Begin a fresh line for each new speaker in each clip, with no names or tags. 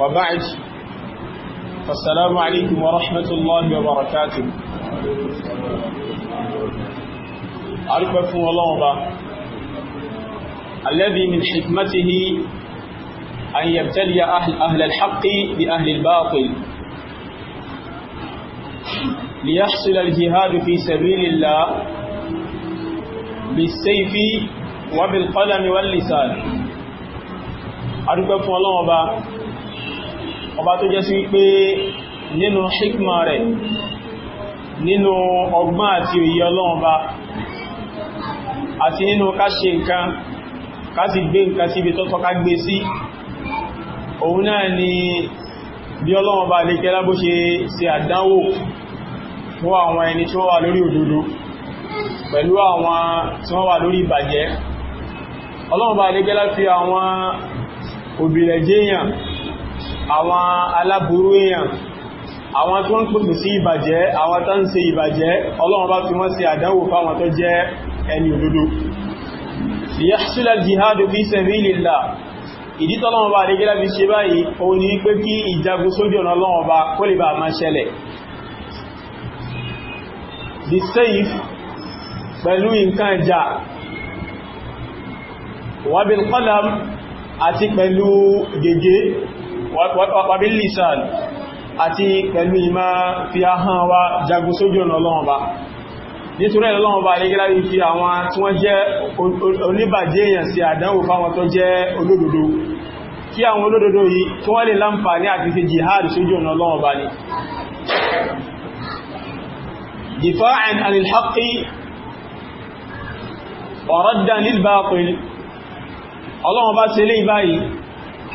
وبعد فالسلام عليكم ورحمة الله وبركاته أركبكم الله با الذي من حكمته أن يبتلي أهل, أهل الحق بأهل الباطل ليحصل الجهاد في سبيل الله بالسيف وبالقلم واللسان أركبكم الله با ọba tó jẹ́ sí wípé nínú hikma rẹ̀ nínú ọgbọ́n àti òye ọlọ́run ba àti nínú ká ṣe nǹkan ká sì gbé nǹkan síbi tó tọ́ gbé sí òun náà ni bí ọlọ́run ba lè kẹ́lá bó ṣe ṣe àdánwò fún àwọn ẹni tí wọ́n wà lórí òdodo pẹ̀lú àwọn tí wọ́n wà lórí ìbàjẹ́ ọlọ́run lè kẹ́lá fi àwọn òbìrẹ̀jẹ́yàn àwọn aláburú èèyàn àwọn tó ń pèsè sí ìbàjẹ́ àwọn tó ń ṣe ìbàjẹ́ ọlọ́run bá fi wọ́n ṣe àdánwò fáwọn tó jẹ́ ẹni òdodo liyahsula jihadu fi sabilillah ìdí tọ́lọ́run bá adégẹ́lá fi ṣe báyìí òun ni pé kí ìjagun sójú ọ̀nà ọlọ́run bá kó lè àti pẹ̀lú gègé wàbí lìsàn àti pẹ̀lú ìmá fi ahán wa jagun sójú ọ̀nà ọlọ́run ba nítorí ọlọ́run ba lè gíláyé fi àwọn tí wọ́n jẹ́ oníbàjẹ́ èèyàn sí àdánwò fáwọn tó jẹ́ olódodo kí àwọn olódodo yìí tí wọ́n lè láǹfààní àti fi jihad sójú ọ̀nà ọlọ́run ni difa'an anil bá ṣe lè báyìí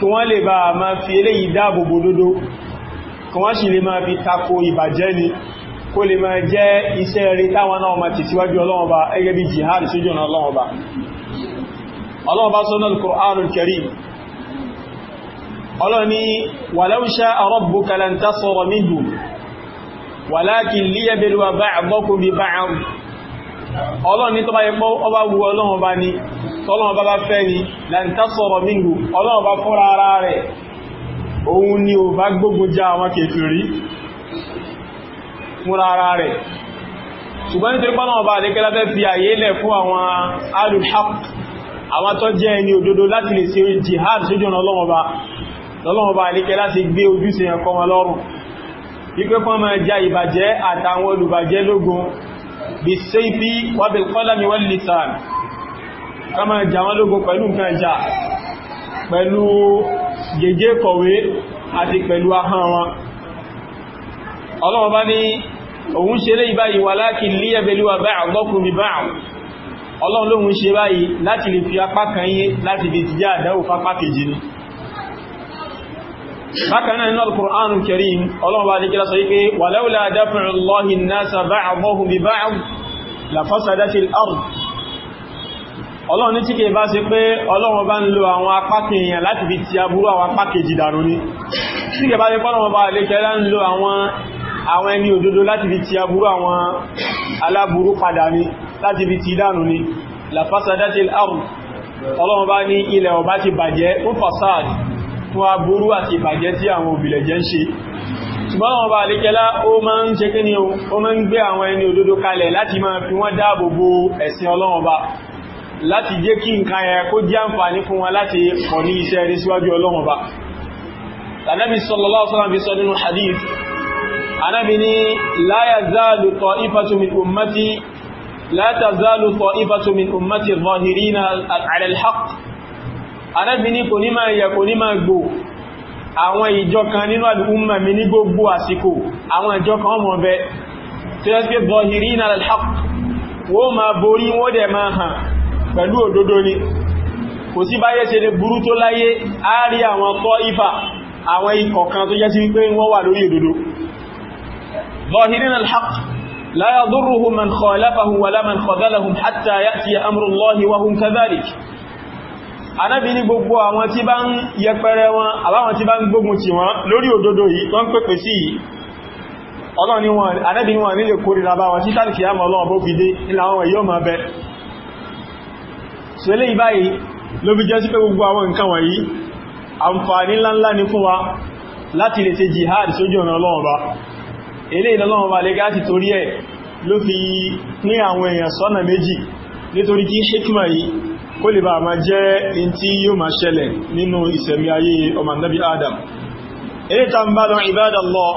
kí wọ́n lè bá ma fi eléyìí dáàbò bòdodo kí wọ́n sì lè máa fi tako ìbàjẹ́ ni kó lè máa jẹ́ iṣẹ́ rí táwọn náà ma ti síwájú Ọlọ́run Ọba ẹgẹ́ bí jihad sójú ọ̀nà Ọlọ́run sọ́nà ọlọ́run ní tó bá yẹ pọ́ ọba wu ọlọ́run ọba ni tọ́lọ́run ọba bá fẹ́ ni láǹtà sọ̀rọ̀ minhu ọlọ́run ọba fúnra ara rẹ̀ òun ni ò bá gbógun já àwọn kèfèrí fúnra ara rẹ̀ ṣùgbọ́n nítorí pọ́nà ọba àdékẹ́lá fẹ́ fi àyè lẹ̀ fún àwọn alùhaq àwọn tó jẹ́ ẹni òdodo láti lè ṣe jihad sójú ọ̀nà ọlọ́run ọba lọ́lọ́run ọba àdékẹ́lá ti gbé ojúṣe ẹ̀kọ́ wọn lọ́rùn wípé kọ́ máa ja ìbàjẹ́ àtàwọn olùbàjẹ́ lógun bisayfi wa bil qalami wal lisan ká máa jà wọ́n lógun pẹ̀lú nǹkan ìjà pẹ̀lú gègé kọ̀wé àti pẹ̀lú ahọ́n wọn ọlọ́wọ́ bá ní òun ṣe lé ìbáyìí walakin liyabluwa ba'dakum bi ba'd ọlọ́run lóhun ṣe báyìí láti lè fi apá kan yé láti lè ti jẹ́ àdáwò fápá kejì ni bákanáà nínú al-Qur'an al-Karim ọlọ́run bá díkílá sọ wípé walaula daf'ullahi an-nasa ba'dahum bi ba'd la fasadatil ard ọlọ́run ní tí kìí bá sí pé ọlọ́run bá ń lo àwọn apákè èèyàn láti fi ti aburú àwọn apákè jìdànù ní tí kìí bá sí pọ́lọ́run bá ẹni òdodo láti fi ti aburú àwọn aláburú padà ní láti fi ti dànù ní la fasadatil ard ọlọ́run bá ní ilẹ̀ ọba ti bàjẹ́ ó fasad fún aburú àti ìbàjẹ́ tí àwọn òbílẹ̀ jẹ́ ń ṣe ṣùgbọ́n wọn bá alékẹ́lá ó máa ń ṣe kí ni ó máa ń gbé àwọn ẹni òdodo kalẹ̀ láti máa fi wọ́n dáàbò bo ẹ̀sìn ọlọ́run bá láti jẹ́ kí nǹkan ẹ kó jẹ́ àǹfààní fún wọn láti kọ̀ ní iṣẹ́ rí síwájú ọlọ́run bá ummati zahirina al-haqq Ànábì ní kò ní máa yẹ kò ní máa gbò àwọn ìjọ kan nínú àdúgbùmọ̀ mi ní gbogbo àsìkò àwọn ìjọ kan mọ̀ bẹ tí ó pé bọ̀hìrí ní alhaq wó ma borí wó dẹ̀ máa hàn pẹ̀lú òdodo ni kò sí báyé ṣe lè burú tó láyé á àwọn kọ́ ifà àwọn ikọ̀ kan tó jẹ́ sí wípé wọ́n wà lórí òdodo bọ̀hìrí ní alhaq لا يضرهم من خالفهم ولا من خذلهم حتى يأتي أمر الله وهم كذلك anábi ní gbogbo àwọn tí bá ń yẹpẹrẹ wọn àbáwọn tí bá ń gbógun ti wọn lórí òdodo yìí tó ń pèpè sí yìí ọlọ́ni wọn anábi wọn nílè kórìíra bá wọn tí tàbí àmọ́ ọlọ́wọ́ bó fi dé ilá wọn yóò máa bẹ ṣẹlẹ̀ ìbáyìí ló fi jẹ́ sí pé gbogbo àwọn nǹkan wọ̀nyí ni fún wa láti lè ṣe jihad yìí kó lè bá ma jẹ́ in tí yóò ma ṣẹlẹ̀ nínú ìsẹ̀mí ayé ọmọ nabi adam èyí ta ń bá lọ ibadallah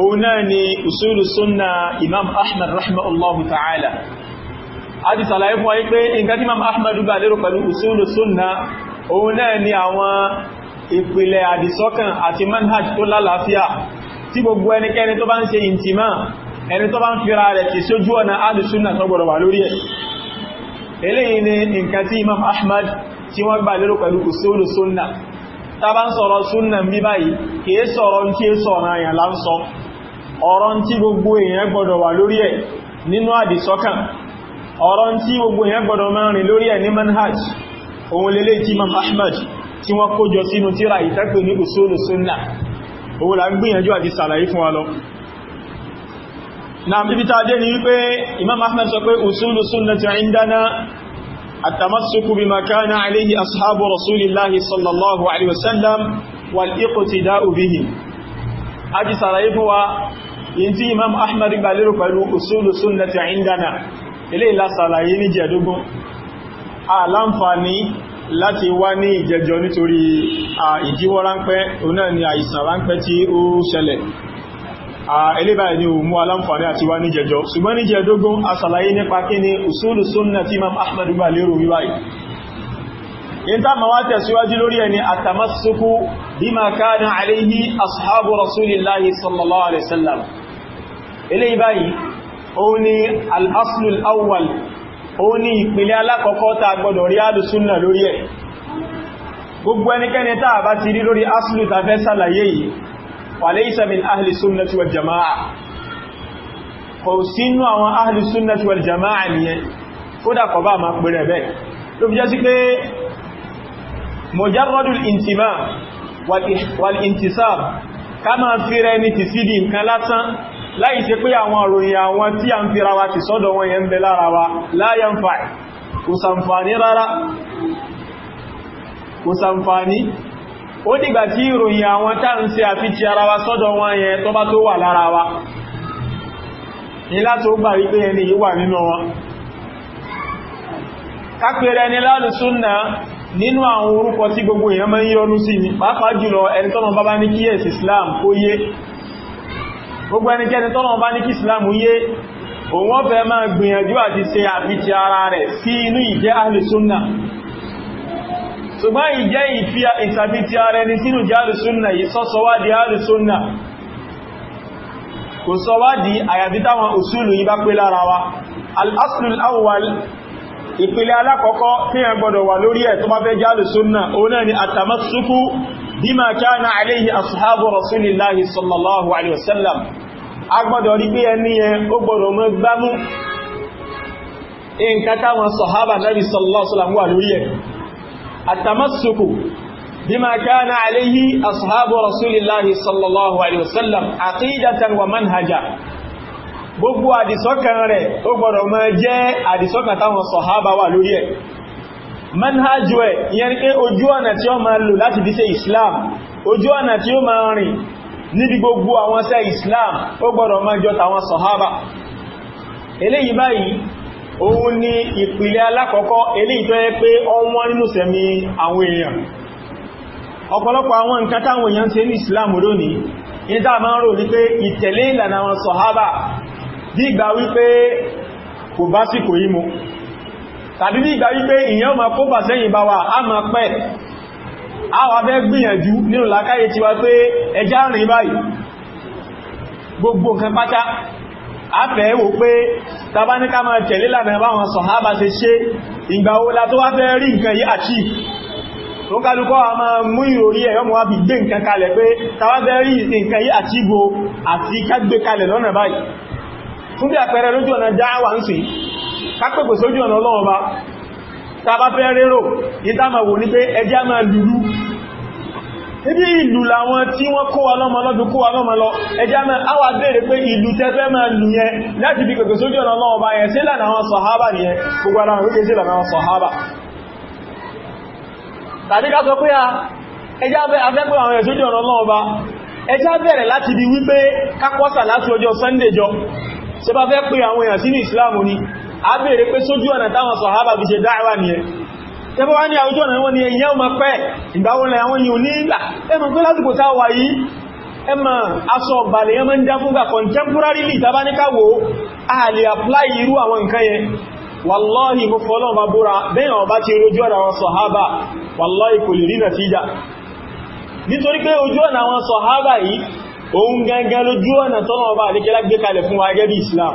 òun náà ni usulu sunna imam ahmad rahimahullahu ta'ala a ti sàlàyé fún wáyé pé nǹkan tí imam ahmad gbà lérò pẹ̀lú usulu sunna òun náà ni àwọn ìpìlẹ̀ àdìsọ́kàn àti manhaj tó lálàáfíà tí gbogbo ẹnikẹ́ni tó bá ń ṣe ìntìmá ẹni tó bá ń fira rẹ̀ kì sójú ọ̀nà alùsùnà tó gbọ́dọ̀ wà lórí ẹ̀ eléyìí ni nǹkan tí imam ahmad tí wọ́n gbà lérò pẹ̀lú usulu sunna ta bá ń sọ̀rọ̀ sunna bí báyìí kìí sọ̀rọ̀ tí é sọ̀rọ̀ àyàn lánsọ ọ̀rọ̀ tí gbogbo èèyàn gbọdọ̀ wà lórí ẹ̀ nínú àdìsọ́kàn ọ̀rọ̀ tí gbogbo èèyàn gbọdọ̀ lórí ẹ̀ ní manhaj ohun lélé tí imam ahmad tí wọ́n kójọ sínú tíra ìtẹ́pẹ̀ ní usulu sunna òun là ń gbìyànjú fún wa na ibi ta dé ni wípé imam ahmed sọ pé usulu sunnati indana التمسك بما كان عليه أصحاب رسول الله صلى الله عليه وسلم والاقتداء به أجي سرايبوا yìí imam ahmad gba lérò pẹ̀lú usulu sunnati indana ilé ìlàsàlàyé ní jẹ́dógún aláǹfààní láti wá ní ìjẹjọ nítorí ìdíwọ́ ránpẹ́ onáà ni àìsàn ránpẹ́ tí ó ṣẹlẹ̀ ẹlébà ni ò mú aláǹfààní àti wá ní jẹjọ ṣùgbọ́n ní jẹdógún asàlàyé nípa kí ni usulu sunna tí imam ahmad gbà lérò wíwáyìí in ta ma wá tẹ̀síwájú lórí ẹni àtàmásùkú bima kana alayhi ashabu rasulillahi sallallahu alaihi wasallam eléyìí báyìí ó ní al-aslu al-awwal ó ní ìpìlẹ̀ alákọ̀ọ́kọ́ ta gbọdọ̀ rí alùsúnnà وليس من أهل السنة والجماعة kò sínú àwọn ahlu sunnah wal jama'a nìyẹn kódà kò bá ma pèrè bẹ́ ló fi jẹ́ sí pé mujarradul intima wal intisab ká ma fíra ẹni ti sídi nǹkan lásán láì ṣe pé àwọn àròyìn àwọn tí a ń fira wa ti sọ́dọ̀ wọn yẹn bẹ lára wa la yanfa' kò sàǹfàní rárá kò sàǹfàní ó dìgbà tí ìròyìn àwọn táà ń ṣe àfi ti ara wa sọ́dọ̀ wọn yẹn tó bá tó wà lára wa ní láti ó gbà wípé ẹni yìí wà nínú wọn kápẹ̀rẹ̀ ni lálùsúnnà nínú àwọn orúkọ tí gbogbo èèyàn máa ń yọ́nú sí ni pàápàá jùlọ ẹni tọ́nà bá bá ní kí ẹ̀sì Islam kó yé gbogbo ẹnikẹ́ni tọ́nà bá ní kí Islam yé òun fẹ́ máa gbìyànjú àti se àfi ti ara rẹ̀ sí inú ìjẹ́ ahlùsúnnà ṣùgbọ́n ìjẹ́ ìfíà ìsàbí ti ara ẹni sínú jẹ́ alùsúnnà yìí sọ́sọ́wádìí alùsúnnà kò sọ́wádìí àyàbí táwọn òṣùlù yìí bá pé lára wa al-aslul awwal ìpele alákọ̀ọ́kọ́ tí ẹ gbọdọ̀ wà nǹkan táwọn sọ̀hábà náà sallallahu alaihi lórí ẹ̀ àtàmásùkù bima kana alayhi ashabu rasulillahi sallallahu alayhi wasallam aqidatan wa manhaja gbogbo àdìsọ́kàn rẹ̀ ó gbọ́dọ̀ mọ́ jẹ́ àdìsọ́kàn táwọn sọ̀hábà wà lórí ẹ̀ manhajú ẹ̀ yẹn pé ojú ọ̀nà tí ó máa lò láti bí ṣe islam ojú ọ̀nà tí ó máa rìn níbi gbogbo àwọn ṣe islam ó gbọ́dọ̀ mọ́ jọ tàwọn sọ̀hábà òun ni ìpìlẹ̀ alákọ̀ọ́kọ́ eléyìí tó yẹ pé ọwọ́n nínú sẹ̀mí àwọn èèyàn ọ̀pọ̀lọpọ̀ àwọn nǹkan táwọn Islam lónìí ní dáa máa ń rò ní pé ìtẹ̀lé ìlànà àwọn sọ̀hábà dígbà wípé kò bá sí kò ma a ma pẹ́ a gbogbo afẹ́ wò pé tàbá ní ká máa tẹ̀lé lànà báwọn sọ̀hábà ṣe ṣe ìgbà wo la tó wá fẹ́ rí nǹkan yí àti tó kálukọ́ a máa mú ìròyìn ẹ̀yọ́ mọ́ bí gbé nǹkan kalẹ̀ pé tàbá fẹ́ rí nǹkan yí àti ibo àti kágbé kalẹ̀ lọ́nà báyìí fún bí àpẹẹrẹ lójú ọ̀nà dáwà ń sìn kápẹ̀pẹ̀ ebi ìlú làwọn tí wọ́n kó wa lọ́mọ lọ́bí kó wa lọ́mọ lọ ẹjá mẹ́ àwa béèrè pé ìlú tẹ́fẹ́ máa lù yẹn láti fi si sójú ọ̀nà ọlọ́wọ́ bá yẹn sílẹ̀ àwọn sọ̀hábà nìyẹn gbogbo ara rúkè sílẹ̀ àwọn sọ̀hábà tàbí ká sọ pé a ẹjá afẹ́pẹ́ àwọn ẹ̀sójú ọ̀nà ọlọ́wọ́ bá bẹ̀rẹ̀ láti di wípé kápọ́sà láti ọjọ́ sunday jọ ṣe bá fẹ́ pé àwọn èèyàn sínú ni a béèrè pé sójú ọ̀nà táwọn sọ̀hábà tẹ́bọ́ wá ní àwùjọ náà wọ́n ni èyàn ma pẹ́ ìgbàwọlẹ̀ àwọn yìí ò ní ìgbà ẹmọ̀ pé lásìkò tá wà yìí ẹmọ̀ aṣọ ọ̀bàlẹ̀ yẹn máa ń dá fúngbà contemporarily tàbáníkàwò a lè apply irú àwọn nǹkan yẹn wallahi mo fọ́lọ́ ma búra bẹ́yàn ọba ti rojú ọ̀nà àwọn sọ̀hábà wallahi kò lè rí nàtíjà nítorí pé ojú ọ̀nà àwọn sọ̀hábà yìí òun gangan lójú ọ̀nà tọ́nà wa gẹ́bí Islam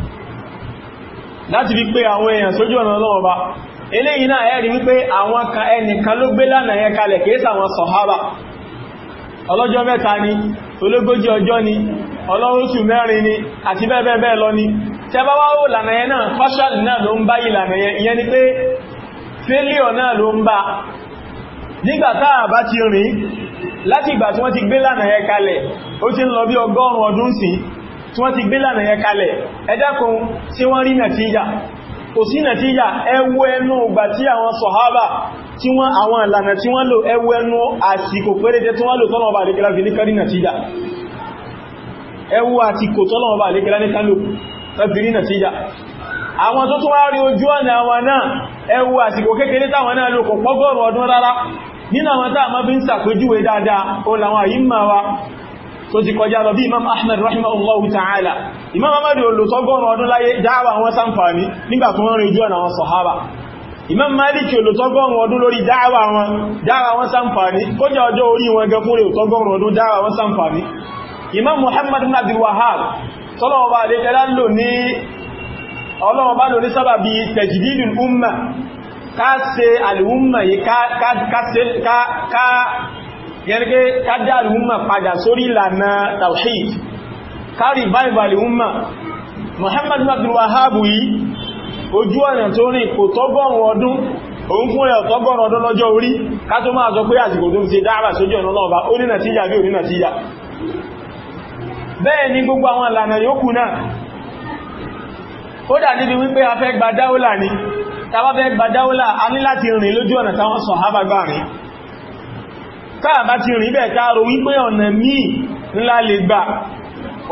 láti fi pé àwọn èèyàn sójú ọ̀nà Ọlọ́run bá eléyìí náà ẹ̀rí wípé àwọn kan ẹnìkan ló gbé lánàá yẹn kalẹ̀ kìí sàwọn sọ̀hábà ọlọ́jọ́ mẹ́ta ni ológójì ọjọ́ ni ọlọ́rúsù mẹ́rin ni àti bẹ́ẹ̀bẹ́ẹ̀ lọ ni tẹ́bá wá ó lànà yẹn náà fásàlì náà ló ń bá ìlànà yẹn ìyẹn ni pé fẹ́líọ̀ náà ló ń bá nígbàtá àbá ti rìn láti ìgbà tí wọ́n ti gbé lànà yẹn kalẹ̀ ó tí wọ́n ti gbé lànà yẹn kalẹ̀ ẹ̀dàkùn tí wọ́n rí nàtíjà kò sí nàtíjà ẹwú ẹnu ìgbà tí àwọn sọ̀hábà tí wọ́n àwọn ìlànà tí wọ́n lò ẹwú ẹnu àsìkò péréte tí wọ́n lò tọ́nà ọba àdékẹ́lá fi ní kárí nàtíjà ẹwú àsìkò tọ́nà ọba àdékẹ́lá ní kálò tọ́fi rí nàtíjà àwọn tó tún wá rí ojú ọ̀nà àwọn náà tó ti kọjá lọ bí imam ahmed rahimahullahu ta'ala imam ahmed olùtọ́gọ́rùn ọdún láyé dáwà wọn sáǹfààní nígbà tó wọ́n rìn jù ọ̀nà wọn sọ̀hábà imam maliki olùtọ́gọ́rùn ọdún lórí dáwà wọn dáwà wọn sáǹfààní kójá ọjọ́ orí wọn gẹ fún olùtọ́gọ́rùn ọdún dáwà wọn sáǹfààní imam muhammad ibn abdul wahab tọ́lọ́wọ́ bá lè tẹ́lá lò ní ọlọ́wọ́ lò ní sábà bí tajdidul umma ká ṣe al yìí ká yẹn pé kádàlù umma padà sórí ìlànà tawhid kárí báìbàlì umma Muhammad Abdul Wahhab yìí ojú ọ̀nà tó rí kò tọ́gọ́rùn ọdún òun fún ẹ̀ ọdún lọ́jọ́ orí ká tó máa sọ pé àsìkò tó ń ṣe dáàbà sójú ọ̀nà náà ó ní nàtíjà bí ní nàtíjà bẹ́ẹ̀ ni gbogbo àwọn ìlànà náà ó dà ni tàbá fẹ́ gba dáúlà a ní láti rìn lójú ọ̀nà táwọn sọ̀hábà káàbá ti rìn bẹ́ẹ̀ káàrò wípé ọ̀nà míì ńlá lè gbà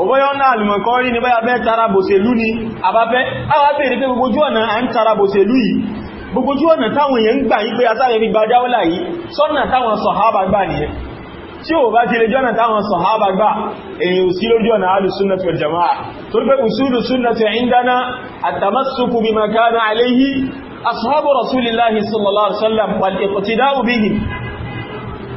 ọ̀bọ́yọ́ náà lùmọ̀kọ́ rí ní báyá bẹ́ tara bòṣèlú ni àbábẹ́ àwá bèèrè pé gbogbo ojú ọ̀nà à ń tara bòṣèlú yìí gbogbo ojú ọ̀nà táwọn èèyàn ń gbà yí pé asáré fi gba dáwọ́là yìí sọ́nà táwọn sọ̀hábà gbà nìyẹn tí ò bá ti lè jọ́nà táwọn sọ̀hábà gbà èyàn ò sí lójú ọ̀nà alùsúnnàtì wal jamaa tó pé usulu sunnati indana at-tamassuku bima kana alayhi ashabu rasulillahi sallallahu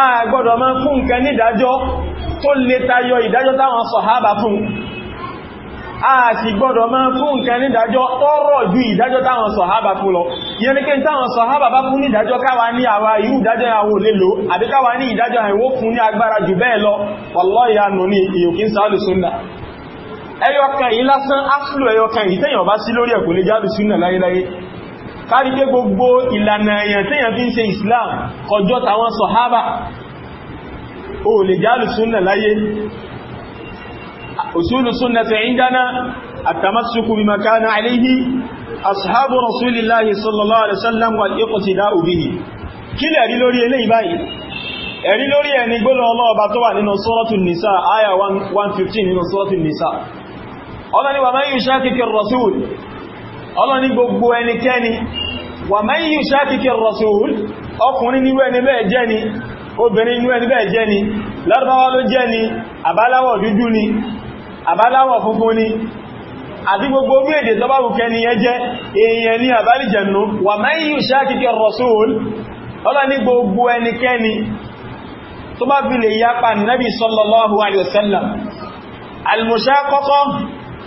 a gbọ́dọ̀ máa fún nǹkan nídájọ́ tó lè tayọ ìdájọ́ táwọn sọ̀hábà fún a sì gbọ́dọ̀ máa fún nǹkan nídájọ́ tọ́rọ̀ ju ìdájọ́ táwọn sọ̀hábà fún lọ ìyẹn ni kí táwọn sọ̀hábà bá fún nídájọ́ káwa ní àwa irú ìdájọ́ àwọn olélo àbí káwa ní ìdájọ́ àìwó fún ní agbára jù bẹ́ẹ̀ lọ wallahi ìyanu ní ìyòkín sáàlù súnnà ẹyọkàn yìí lásán áfìlò ẹyọkàn yìí tẹ́yàn bá sí lórí ẹ̀kùnlé jáàlù súnnà láyéláyé kárí pé gbogbo ìlànà èèyàn tí èèyàn fi ń ṣe Islam kọjọ́ tàwọn sọ̀hábà o lè jálù súnnà láyé usulu sunnati indana at-tamassuku bima kana alayhi ashabu rasulillahi sallallahu alaihi wasallam wal iqtida'u bihi kílẹ̀ rí lórí eléyìí báyìí ẹ̀rí lórí ẹni gbọ́lọ̀ wà nínú Suratul Nisa aya 115 nínú Suratul Nisa ọlọ́ni wa man ọlọ́ni gbogbo ẹnikẹ́ni wà mẹ́yìn ìṣàkìkẹ́ rọ̀sùl ọkùnrin nínú ẹni bẹ́ẹ̀ jẹ́ ni obìnrin nínú ẹni bẹ́ẹ̀ jẹ́ ni lárúbáwá ló jẹ́ ni àbáláwọ̀ dúdú ni àbáláwọ̀ funfun ni àti gbogbo orí èdè tó bá wùkẹ́ jẹ́ èèyàn ní àbálìjẹ̀nú wà mẹ́yìn ìṣàkìkẹ́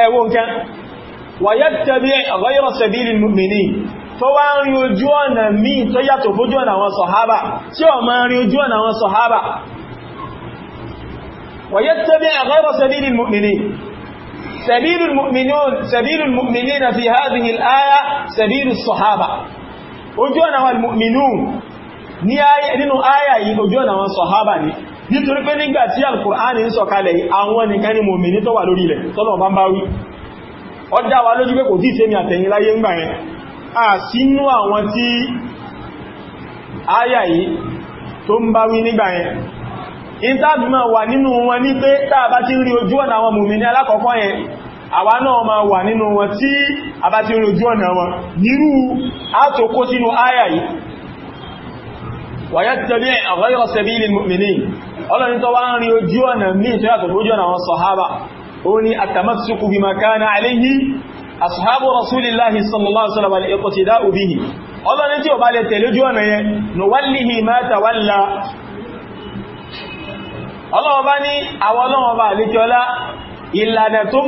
ẹwọ nǹkan wàyẹ́tẹ̀bí ọ̀gọ́yọ̀rọ̀ sẹ̀bílì mìíní tó wá ń rí ojú ọ̀nà míì tó yàtọ̀ fójú ọ̀nà àwọn sọ̀hábà tí ó máa rí ojú ọ̀nà àwọn sọ̀hábà wàyẹ́tẹ̀bí ọ̀gọ́yọ̀rọ̀ sẹ̀bílì mìíní nítorí pé nígbà tí alkùránì ń sọ̀kalẹ̀ àwọn nìkan ni mòmìnì tó wà lórí ilẹ̀ tọ́lọ̀ bá ń bá wí ó dá wa lójú pé kò tí ìsẹ́mi àtẹ̀yìn láyé ń gbà yẹn a sínú àwọn tí áyà yìí tó ń bá wí nígbà yẹn ìtàbímọ̀ wà nínú wọn ní pé táà bá ti rí ojú ọ̀nà àwọn mòmìnì alákọ̀ọ́kọ́ yẹn àwa náà ma wà nínú wọn tí a bá ti rí ojú ọ̀nà wọn nírú àtòkó sínú áyà yìí wàyá tẹ̀lé àwọn ìrọ̀sẹ̀bí ilẹ̀ mòmìnì ọlọ́rin tó wá ń rí ojú ọ̀nà ní ìtọ́yàtọ̀ ojú ọ̀nà wọn sọ̀hábà ó ní àtàmásùkú bí makana aléyí ashabu rasulillahi sallallahu alaihi wasallam al-iqtida'u bihi ọlọ́rin tí ó bá lè tẹ̀lé ojú ọ̀nà yẹn nuwallihi ma tawalla ọlọ́wọ́ bá ní àwọn ọlọ́wọ́ bá lè kíọlá ìlànà tó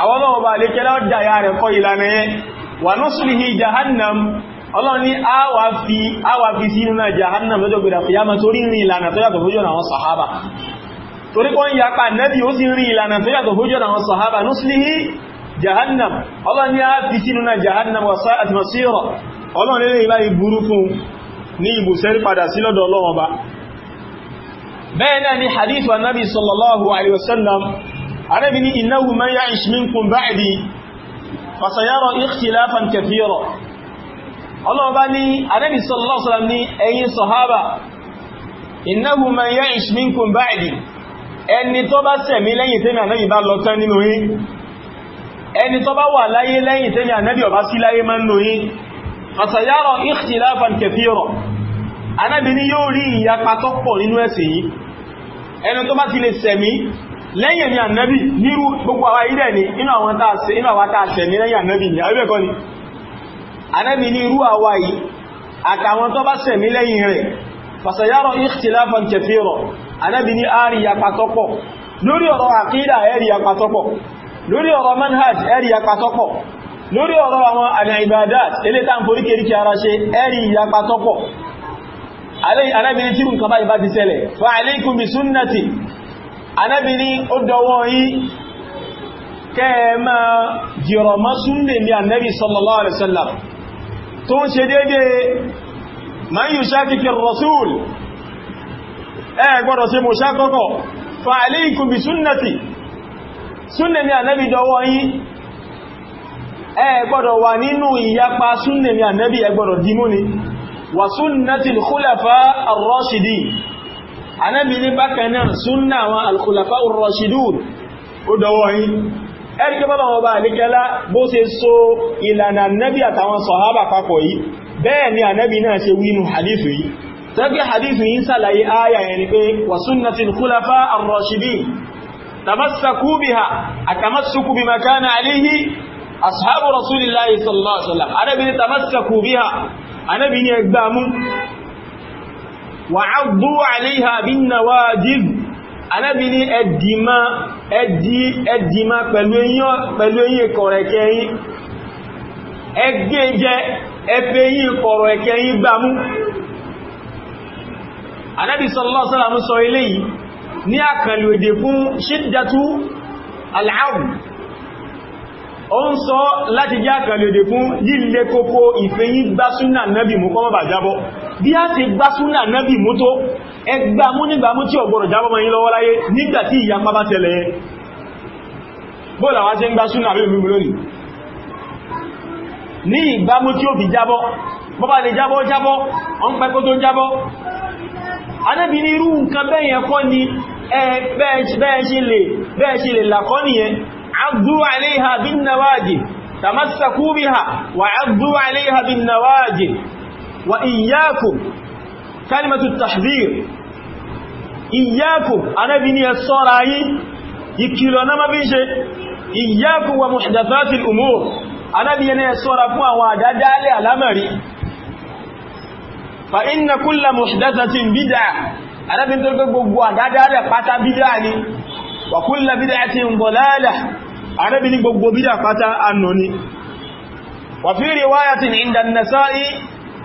àwọn ọlọ́wọ́ bá lè kẹ́lá dáyà rẹ̀ kọ́ ìlànà yẹn wà nuslihi jahannam ọlọ́run ní àwà fi sínú náà jahannam lọ́jọ́ gbèrà fìyàmà tó rí rìn ìlànà tó yàtọ̀ fójọ́ àwọn sàhábà torí kọ́ ń yapa nẹ́bí ó sì rí ìlànà tó yàtọ̀ fójọ́ àwọn sàhábà nuslihi jahannam ọlọ́run ní àfi sínú náà jahannam wà sá àti masíra ọlọ́run lè bá ìburú fún ní ibùsẹ́rí padà sí lọ́dọ̀ ọlọ́run ọba bẹ́ẹ̀ náà ni hadith wa nabi sallallahu alaihi wasallam Ànábì ní innahu man ya'ish minkum ba'di fasayara ikhtilafan kathira Ọlọ́run bá ní Ànábì sallallahu alaihi wasallam ní ẹ̀yin sàhábà innahu man ya'ish minkum ba'di ẹni tó bá ṣẹ̀mí lẹ́yìn tẹ́mi Ànábì bá lọ tán nínú yín ẹni tó bá wà láyé lẹ́yìn tẹ́mi Ànábì ó bá sí láyé máa ń lò yín ẹni tó bá ti lè ṣẹ̀mí lẹ́yìn ni ànábì nírú gbogbo àwa ilẹ̀ ni inú àwọn tààsẹ̀ inú àwọn tààsẹ̀ ní lẹ́yìn ànábì ni àwẹ́bẹ̀ kọ́ ni ànábì ní irú àwa yìí àtàwọn tó bá sẹ̀mí lẹ́yìn rẹ̀ fasayarọ̀ ikhtilafan kathira ànábì ní àárí apatọ́pọ̀ lórí ọ̀rọ̀ àkídà ẹ̀rí apatọ́pọ̀ lórí ọ̀rọ̀ manhaj ẹ̀rí apatọ́pọ̀ lórí ọ̀rọ̀ àwọn àmì ibadat ilé tàn forí kèríkì ara ṣe ẹ̀rí apatọ́pọ̀ ànábì ní tírù nǹkan báyìí bá ti ṣẹlẹ̀ fa alaykum bi anábi ní ó dọwọ́ yí kẹ́ẹ̀mà jìrọ̀mọ́ súnlẹ̀ ní anábi sallallahu alaihi wasallam tó ń ṣe dédé man yushaqiqi ar-rasul ẹ gbọ́dọ̀ sí mọ̀ ṣákọ́kọ́ fa alaykum bi sunnati súnlẹ̀ ní anábi dọwọ́ yí ẹ gbọ́dọ̀ wà nínú ìyapa súnlẹ̀ ní anábi ẹ dìmú ni wa sunnati al-khulafa ar-rashidin anábi ní bákanáà súnnà àwọn alkhulafa ar-rashidun ó dọwọ́ yìí ẹ́rìkẹ́ bàbá wọn bá àlékẹ́lá bó ṣe so ìlànà anábi àtàwọn sọ̀hábà papọ̀ yìí bẹ́ẹ̀ ni anábi náà ṣe wínú hadithu yìí tẹ́gbẹ́ hadithu yìí sàlàyé áyà yẹn ni pé wà sunnati alkhulafa ar-rashidin tamassaku biha atamassuku bima kana alayhi ashabu rasulillahi sallallahu wà á gbó àléhà bí nàwà jíìbù anábi ní ẹdìmá pẹ̀lú eyín kọ̀rọ̀ ẹ̀kẹ́ yín ẹgbẹ́ jẹ ẹfẹ́ yín kọ̀rọ̀ ẹ̀kẹ́ yín gbámú anábi sallallahu alaihi wasallam sọ ilé yìí ní àkànlò èdè fún ṣídàtú aláàrùn ó bí a ti gbá súnà náàbì mú tó ẹgbà mú nígbà mú tí ọgbọ̀rọ̀ jábọ́ mọ́ yín lọ́wọ́ láyé nígbà tí ìyá pápá tẹ̀lẹ̀ bóòlà wá ṣe ń gbá súnà rí omi lónìí ní ìgbámú tí ó fi jábọ́ bọ́bá lè jábọ́ jábọ́ وإياكم كلمة التحذير إياكم أنا بني الصراعي يكيلو ما بيجي إياكم ومحدثات الأمور أنا بني الصراعي وعدد على الأمر فإن كل محدثة بدعة أنا بني الصراعي وعدد علي قطع بدعني وكل بدعة ضلالة أنا بني الصراعي بدعة قطع أنني وفي رواية عند النسائي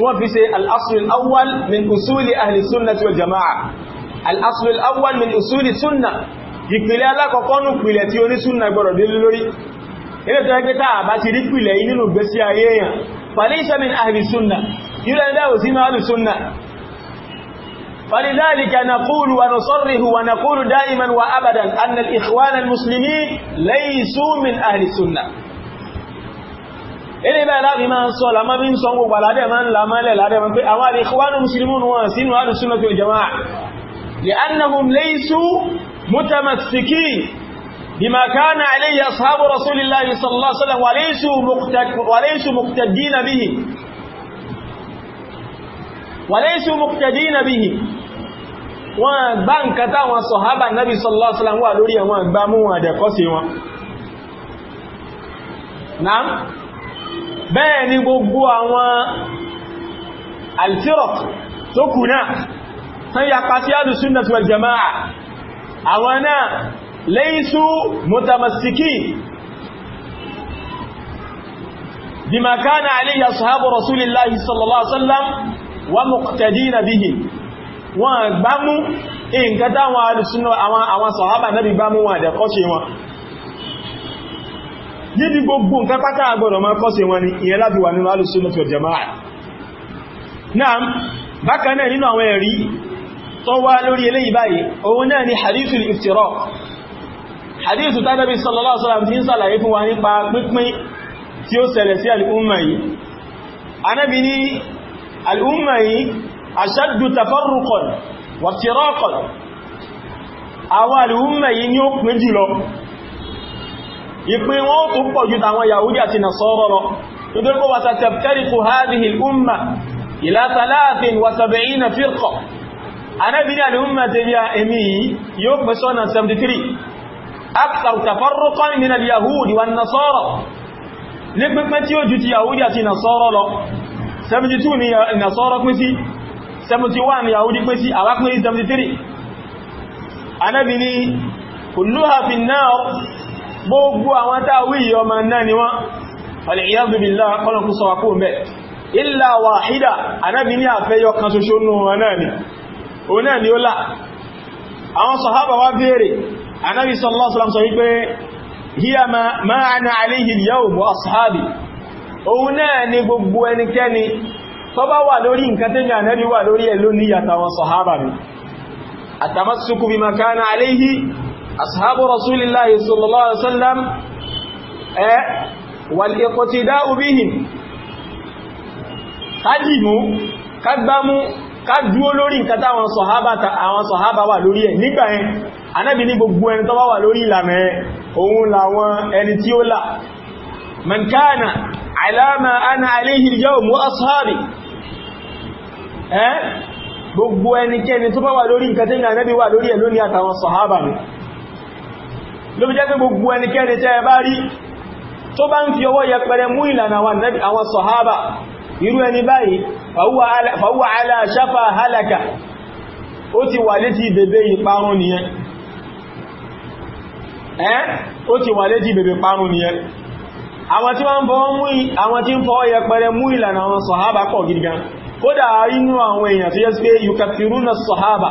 tí wọ́n fi ṣe al'asul awwal min usuli ahli sunnati wal jama'a al'asul awwal min usuli sunna ìpìlẹ̀ alákọ̀ọ́kọ́ nù pìlẹ̀ tí oní sunna gbọ́rọ̀ dé lórí ilé tó ẹgbẹ́ táà bá ti rí pìlẹ̀ yìí nínú gbésí ayé فلذلك نقول ونصره ونقول دائما وأبدا أن الإخوان المسلمين ليسوا من أهل السنة ilé bẹ́ẹ̀ láti máa ń sọ lámá bí ń sọ gbogbo aládẹ́ máa ń lámálẹ̀ ládẹ́ wọn pé àwọn àríkọwánù musulmùn wọn sínú àdùsúnà tó jama'a lè annahum laisu mutamasiki bima kana alayhi ashabu rasulillahi sallallahu alaihi wasallam wa laisu muqtadina bihi wa laisu muqtadina bihi wọ́n gbá nǹkan táwọn sọ̀hábà bẹ́ẹ̀ ni gbogbo àwọn alfirok tó kù náà tán ya pàtí alùsúnnà wal jama'a àwọn náà laysu mutamassiki bima kana alayhi ashabu rasulillahi sallallahu alaihi wasallam wa muqtadina bihi wọ́n gbámú nǹkan táwọn alùsúnnà àwọn sàhábà náà bí gbámú wọn àdẹ̀kọ́ ṣe wọn níbi gbogbo nǹkan pátá agbọ́dọ̀ máa kọ́sẹ̀ wọn ni ìyẹn láti wà nínú alùsùnà fil jamaa náà bákan náà nínú àwọn ẹ̀rí tó wá lórí eléyìí báyìí òun náà ni hadithul iftiraq hadithu tánàbí sallallahu alaihi wasallam ti ń sàlàyé fún wa nípa pínpín tí ó ṣẹlẹ̀ sí ìpín wọn tó pọ̀ jù tàwọn yahudi àti nasọ́rọ̀ lọ nítorí pé wàtàtàbtẹ́rìkù hadhihi al-umma ila thalathin wa sab'ina firqa anábìnrin al'umma ti bí ẹ̀mí yóò pẹ̀ sọ́nà 73 akthar tafarruqan min al-yahudi wa nasọ́rọ̀ ní pípẹ́ tí ó jù ti yahudi àti nasọ́rọ̀ lọ 72 ni gbogbo àwọn tá wí ọmọ náà ni wọ́n al-iyadhu billah kọ́nà kú sọwà kóò mẹ́ illa wahida anábi ní àfẹ́yọ kan ṣoṣo nù wọn náà ni o náà ni ó là àwọn sọ̀hábà wá béèrè anábi sallallahu alaihi wasallam sọ wípé hiya ma ana alayhi al-yawm wa ashabi òun náà ashabu rasulillahi sallallahu alaihi wasallam ẹ wal iqtida'u bihim kájìmú kágbámú kádúó lórí nǹkan táwọn sọ̀hábà àwọn sọ̀hábà wà lórí ẹ̀ nígbà ẹ̀ anábi ní gbogbo ẹni tó bá wà lórí ìlànà ẹ̀ òun làwọn ẹni tí ó là man kana ala ma ana alayhi al-yawm wa ashabi ẹ́ gbogbo ẹnikẹ́ni tó bá wà lórí nǹkan tí anábi wà lórí ẹ̀ lónìí àtàwọn sọ̀hábà mi ló fi jẹ́ pé gbogbo ẹnikẹ́ni tẹ́ ẹ bá rí tó bá ń fi ọwọ́ yẹpẹrẹ mú ìlànà àwọn sọ̀hábà irú ẹni báyìí fàwọ́ aláṣáfà hálàkà ó ti wà létí bèbè ìparun nìyẹn ẹ́ ó ti wà létí bèbè ìparun nìyẹn àwọn tí wọ́n ń fọ́ yẹpẹrẹ mú ìlànà àwọn sọ̀hábà pọ̀ gidigan kódà inú àwọn èèyàn tó yẹ́ sí pé yukafiruna sọ̀hábà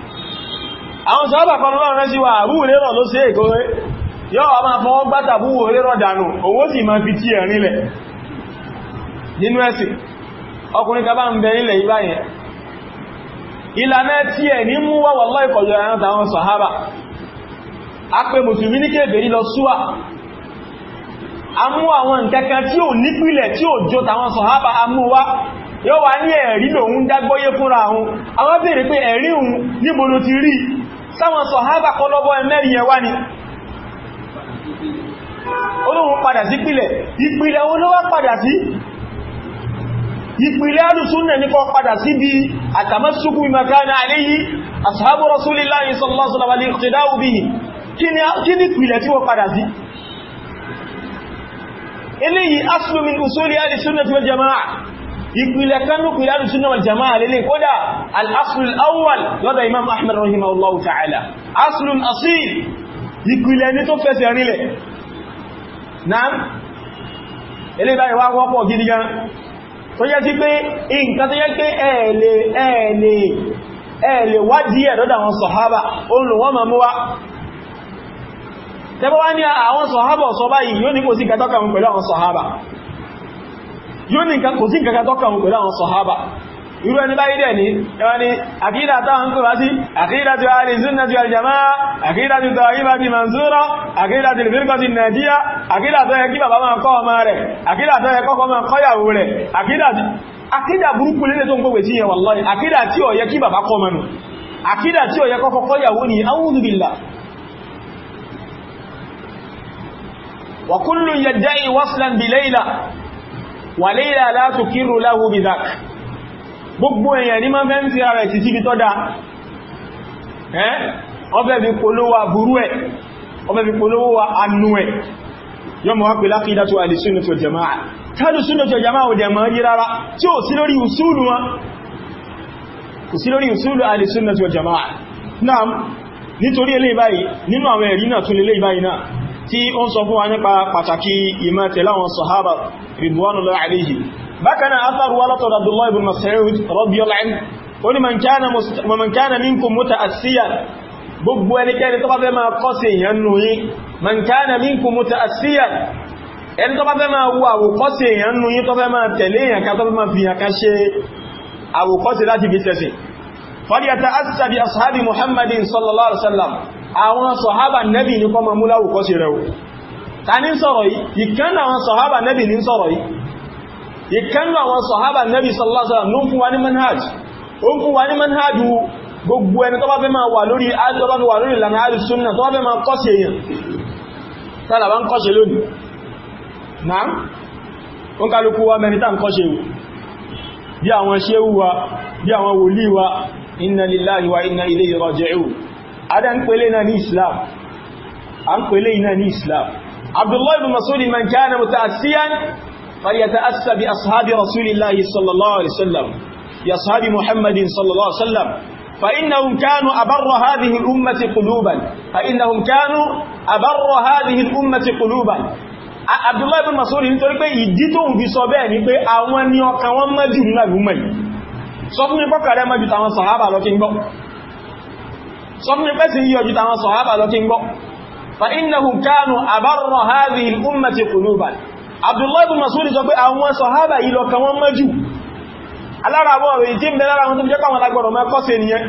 àwọn sọ́bà kan lọ́rọ̀ rẹ̀ sí wà àbú rẹ̀rọ̀ ló sí èkó rẹ̀ yọ́ wà máa gbátàbú rẹ̀rọ̀ dànù owó sì máa fi tí ẹ̀ rinlẹ̀ nínú ẹ̀sìn ọkùnrin ka bá ń bẹ nílẹ̀ ibáyẹn yóò wá ní ẹ̀rí lòun dágbóyé fúnra ahun àwọn bèèrè pé ẹ̀rí níbo ló ti sáwọn sọ̀hábà kọlọ́bọ́ ẹmẹ́rin yẹn wá ni olóhun padà sí pìlẹ̀ ìpìlẹ̀ wọn ló wá padà sí ìpìlẹ̀ alùsúnnà ní kọ́ padà sí bí àtàmásùkú ìmọ̀kánà àléyí ashabu rasulillahi sallallahu alaihi wasallam al-iqtida'u bihi kí ni ìpìlẹ̀ tí wọ́n aslu min usuli ahli sunnati jama'a ìpìlẹ̀ kánúkùlẹ̀ alùsùn náà jama'a lè kódà al'asulul awwal lọ́dọ̀ imam ahmed rahimahullahu ta'ala asulun asil ìpìlẹ̀ ní tó fẹsẹ̀ rílẹ̀ náà ilé báyìí wá wọ́pọ̀ gidi gan tó yẹ́ sí pé nǹkan tó yẹ́ pé ẹ̀ẹ̀lẹ̀ ẹ̀ẹ̀lẹ̀ ẹ̀ẹ̀lẹ̀ wádìí ẹ̀ lọ́dọ̀ àwọn sọ̀hábà òun lò wọ́n mọ̀mú wá tẹ́bọ́ wá ní yóò ní kò sí nǹkan tọ́ka òun pẹ̀lú àwọn sọ̀hábà irú ẹni báyìí dẹ̀ ní ẹwà ni àkídà táwọn kò wá sí àkídà tí wà ní súnnà tí wà jama'a àkídà tí tọ́ ìbá ti manzúrọ̀ àkídà tí lèfíkọ́ ti nàìjíríà àkídà tó yẹ kí bàbá máa kọ́ ọmọ rẹ̀ àkídà tó yẹ kọ́kọ́ máa kọ́yàwó rẹ̀ àkídà burúkú lélẹ̀ tó ń gbogbo sí yẹn wallahi àkídà tí ó yẹ kí bàbá kọ́ mẹ́nu àkídà tí ó yẹ kọ́kọ́ kọ́yàwó ni a'udhu billah wa kullun yadda'i wàléèlà látò kírò láhù bidak gbogbo èèyàn ní máa fẹ́ ń ti ara ẹ̀ títí bí tọ́dá ẹ́ ọfẹ́ fi polówó burú ẹ̀ ọfẹ́ fi polówó anú ẹ̀ yọ mọ̀ wápẹ̀ lákídá tó tó jama'a tàbí jama'a ò jama'a yí rárá tí ó sí lórí usúlù jama'a náà nítorí eléyìí báyìí nínú àwọn ẹ̀rí náà tí ó ń sọ fún wa nípa pàtàkì ìmọ̀ tẹ̀lé àwọn sahaba ridwanullahi alayhi bákan náà atharu wa látọ̀dọ̀ Abdullah ibn Mas'ud radiyallahu anhu ó ní man kana minkum muta'assiyan gbogbo ẹnikẹ́ni tó bá fẹ́ máa kọ́ sí èèyàn nù yí man kana minkum muta'assiyan ẹni tó bá fẹ́ máa wo àwòkọ́sí èèyàn nù yí tó fẹ́ máa tẹ̀lé èèyàn ká tó àwọn sọ̀hábà nẹ́bì ní kọmọ múláwù kọ́ sí rẹ̀wò ta ní sọ̀rọ̀ yìí ìkan àwọn sọ̀hábà nẹ́bì ní sọ̀rọ̀ yìí ìkan àwọn sọ̀hábà nẹ́bì sallallahu alaihi wasallam ló ń fún wa ní manhaj ó ń fún wa ní manhaj gbogbo ẹni tó bá fẹ́ máa wà lórí adọ́bá wà lórí ìlànà alìsúnnà tó bá fẹ́ máa kọ́ sí èèyàn tààlà bá ń kọ́ sí lónìí náà ó ń wa bí àwọn ṣéwú wa bí àwọn wòlíì wa inna lillahi wa inna ilayhi adá ń pèlé náà ní islam a ń pèlé náà ní islam abdullahi ibn masudi man kana muta'assiyan falyata'assa bi ashabi rasulillahi sallallahu alaihi wasallam ya ashabi muhammadin sallallahu alaihi wasallam فإنهم كانوا أبر هذه الأمة قلوبا فإنهم كانوا أبر هذه الأمة قلوبا Abdullahi bin Mas'ud nítorí pé ìdí tó ń fi sọ bẹ́ẹ̀ ni pé àwọn ni ọkàn wọn mẹ́jù nínú sọ fún mi pọ́kàrẹ́ mẹ́jù tàwọn sàhábà lọ́kí ń gbọ́ sọ fún mi pẹ́ sí yíyọjú tàwọn sọ̀hábà lọ kí ń gbọ́ fa innahum kanu abarra hadhihi al-ummati quluban abdullahi bin mas'ud sọ pé àwọn sọ̀hábà yìí lọ kan wọ́n mọ́jú alára àwọn ọ̀rọ̀ ìjí mẹ́ lára wọn tó jẹ́ pàwọn agbọ̀rọ̀ mẹ́kọ́ sí ènìyàn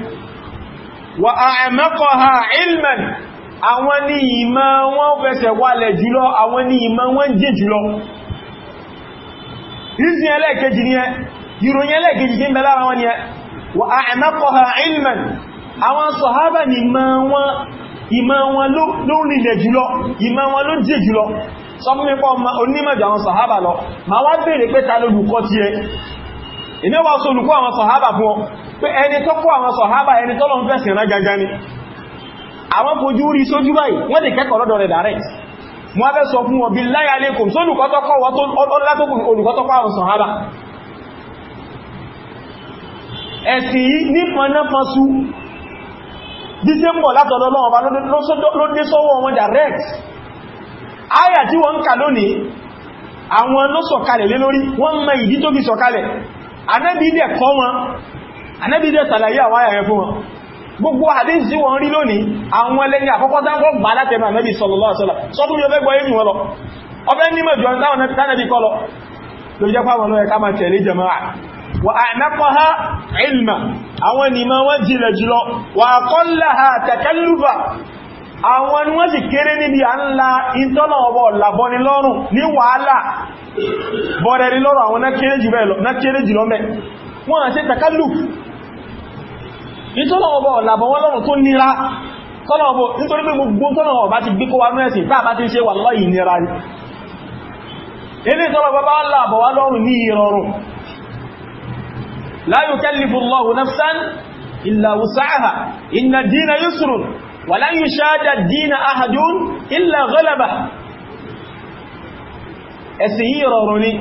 wa a'maqaha ilman àwọn ní ìmọ̀ wọn fẹsẹ̀ wálẹ̀ jùlọ àwọn ní ìmọ̀ wọn jẹ́ jùlọ rízi ẹlẹ́ẹ̀kejì àwọn sọ̀hábà ni ìmọ̀ wọn ló rinlẹ̀ jùlọ ìmọ̀ wọn ló jẹ́ jùlọ sọ fún mi pé onímọ̀jù àwọn sọ̀hábà lọ ma wá bèèrè pé ta lólùkọ́ ti ẹ ìmẹ́wàá sọ olùkọ́ àwọn sọ̀hábà fún ọ pé ẹni tó kọ́ àwọn sọ̀hábà ẹni tọ́lọ ń fẹ́sìn rán gangan ni àwọn fojú rí sójú báyìí wọ́n lè kẹ́kọ̀ọ́ lọ́dọ̀ rẹ̀ direct mo fẹ́ sọ fún ọbí láyà lẹ́kùn tó olùkọ́tọ́kọ́ olùkọ́tọ́kọ́ àwọn sọ̀hábà ẹ̀sìn yìí nípọn náà bí ṣe ń bọ̀ látọ̀dọ̀ náà ọba ló dé sọ́wọ́ wọn direct ayà tí wọ́n ń kà lónìí àwọn ló sọ̀kalẹ̀ lé lórí wọ́n mọ ìdí tó fi sọ̀kalẹ̀ Ànábì dẹ̀ kọ́ wọn Ànábì dẹ̀ ṣàlàyé àwọn ayà yẹn fún wọn gbogbo àdínsí wọn rí lónìí àwọn ẹlẹ́ni àkọ́kọ́ dáńkọ́ gbà látẹ̀mà Ànábì sallallahu alaihi wasallam sọ́tún yóò fẹ́ gbọ́ inú wọn lọ ọbẹ̀ nímọ̀ jọ wa a'maqaha ilma àwọn ni ma wọ́n jìnlẹ̀ jùlọ wa aqallaha takallufa àwọn ni wọ́n sì kéré níbi à ń la ìtọ́nà ọbọ̀ làbọ́ni lọ́rùn ní wàhálà bọ̀rẹ̀rí lọ́rọ̀ àwọn nákéré jùlọ mẹ́ wọ́n à ṣe takalluf ìtọ́nà ọbọ̀ làbọ́ wọn lọ́rùn tó nira tọ́nà ọbọ̀ nítorí pé gbogbo ní la yukallifu Allahu nafsan illa wus'aha inna ad-dina yusrun wa lan yushadda ad-dina ahadun illa ghalaba ẹ̀sìn yìí rọrùn ni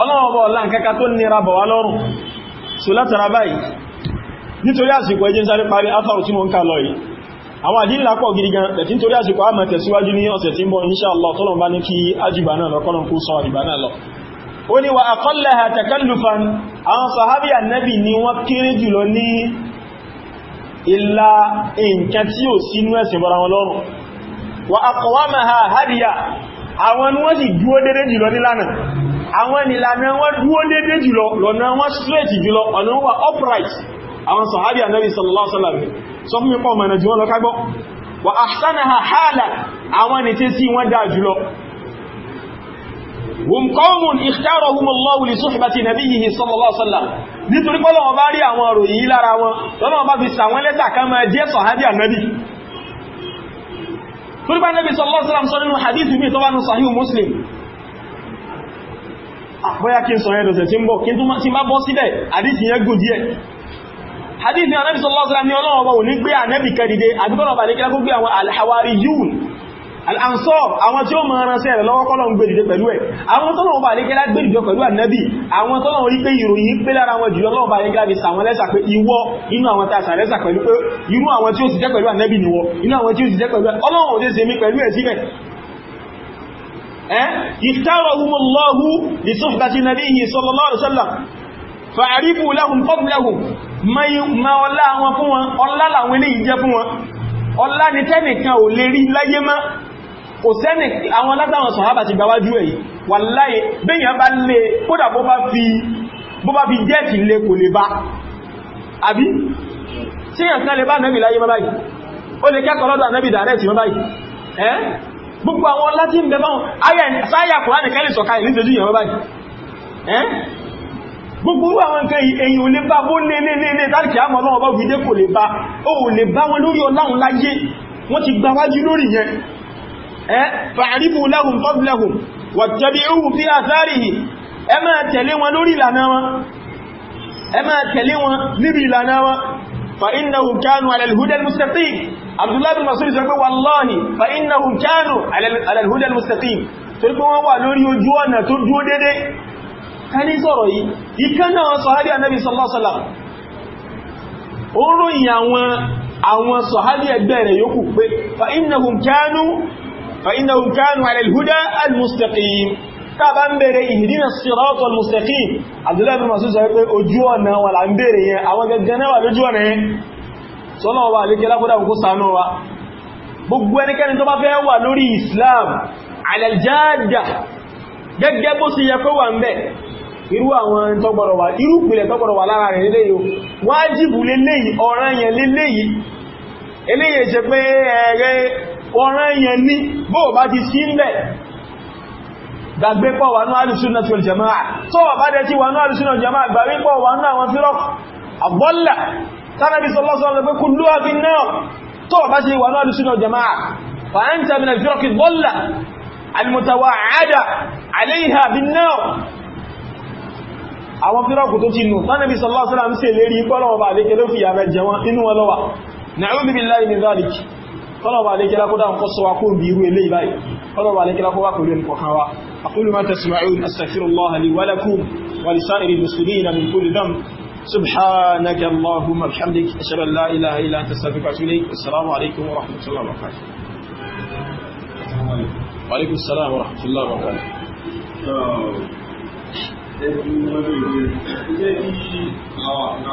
ọlọ́wọ́bọ̀ ọ̀lá nkẹ́kà tó nira bọ̀ wá lọ́rùn so látara báyìí nítorí àsìkò ẹjẹ́ sáré parí afárò tí mo ń ká lọ yìí àwọn àdínlá pọ̀ gidi ó ní wa aqallaha takallufan àwọn sahabi annabi ni wọ́n kéré jùlọ ní ìlà nǹkan tí ó sínú ẹ̀sìn bọ́ra wọn lọ́rùn wa aqwamaha hadiya àwọn ni wọ́n sì dúó dédé jùlọ nílànà àwọn ìlànà wọ́n dúó dédé jùlọ lọ́nà wọ́n straight jùlọ ọ̀nà wọ́n upright àwọn sahabi annabi sallallahu alaihi sọ hum qawmun ikhtarahum Allahu li suhbati nabiyhi sallallahu alaihi wasallam nítorí pé Ọlọ́run bá rí àwọn ọ̀rọ̀ yìí lára wọn Ọlọ́run bá fi ṣà wọ́n lẹ́tà kan máa jẹ́ sàhábì ànábì torí pé ànábì sallallahu alaihi wasallam ah, ni Ọlọ́run bá wò ní gbé ànábì kẹ́dìde àbíkọ́nà bá ní kí lákó gbé àwọn alhawari yìí al-ansar àwọn tí ó máa ránṣẹ́ rẹ̀ lọ́wọ́ kọ́lọ̀ ń gbé dìde pẹ̀lú ẹ̀ àwọn tọ́lọ̀ ọba àríkẹ́lá gbé dìde pẹ̀lú ànábì àwọn tọ́lọ̀ orí pé ìròyìn pé lára wọn jùlọ lọ́wọ́ àríkẹ́lá fi sàwọn lẹ́sà pé ìwọ inú àwọn tá a sà lẹ́sà pẹ̀lú pé irú àwọn tí ó sì jẹ́ pẹ̀lú ànábì ni wọ inú àwọn tí ó sì jẹ́ pẹ̀lú ọlọ́run ò sì mí pẹ̀lú ẹ̀ síbẹ̀ ọlá ni tẹ́nìkan ò lè rí láyé máa kò sẹ́nì àwọn látàwọn sọ̀hábà ti gbáwájú èyí wàláhí bẹ́yàn bá lè kódà bó bá fi jẹ́ẹ̀kì lè kò lè bá àbí tí yàn kan lè bá nẹ́bì láyé mọ́ báyìí ó lè kẹ́kọ̀ọ́ lọ́dọ̀ nẹ́bì dàrẹ́tì mọ́ báyìí ẹ́ gbogbo àwọn láti ń bẹ báwọn ayà sáyà kùránì kẹ́lì sọ̀ka ìlíṣẹ́jú yàn mọ́ báyìí ẹ́ gbogbo orú àwọn nǹkan èyí ò lè bá bó lé lé lé lé tàbí àmọ́ náà bá fìdé kò lè bá ó lè bá wọn lórí ọláhun láyé wọ́n ti gbáwájú lórí yẹn fa'arifu lahum qablahum wattabi'uhu fi atharihi ẹ máa tẹ̀lé wọn lórí ìlànà wọn ẹ máa tẹ̀lé wọn níbi ìlànà wọn fa'innahu kanu ala al-huda al-mustaqim abdullahi bin mas'ud sọ pé wallahi fa'innahu kanu ala al-huda al-mustaqim torí pé wọ́n wà lórí ojú ọ̀nà tó dúó dédé ká ní sọ̀rọ̀ yìí ìkan فإنهم كانوا على الهدى المستقيم طبعا بره اهدنا الصراط المستقيم عبد الله بن مسعود سọ pé ojú ọ̀nà wa là ń bèrè yẹn àwọn gangan náà wà lójú ọ̀nà yẹn sọ́nà ọba àlékẹ́ lápọ́dá ọ̀ràn èèyàn ní bó bá ti sí ilẹ̀ gbàgbé pọ̀ wà ní alùsùnà tí olùjẹmáà tó wà bá dẹ̀ tí wà ní alùsùnà jẹmáà gbàgbé pọ̀ wà ní àwọn fírọ́ àgbọ́lá tánàbí sọlọ́sọ́lọ́ pé kúlú àfi náà tó wà bá ti wà ní alùsùnà jẹmáà fàáńtà bí na fírọ́kì bọ́lá alìmọ̀tàwà àádà àléhà bí náà àwọn fírọ́kù tó ti nù tánàbí sọlọ́sọ́lọ́ kọlọ̀bà alékẹ́lá kó dáhùn kọ́sọ wa kó bí irú ilé ìbáyìí kọlọ̀bà alékẹ́lá kó wá pẹ̀lú ẹnì kọ̀kan wa aqulu ma tasma'un astaghfirullah li wa lakum wa li sa'iril muslimina min kulli dhanb subhanaka allahumma bihamdik ashhadu an la ilaha illa anta astaghfiruka wa atubu ilayk assalamu alaykum wa rahmatullahi wa barakatuh wa alaykum assalam wa rahmatullahi wa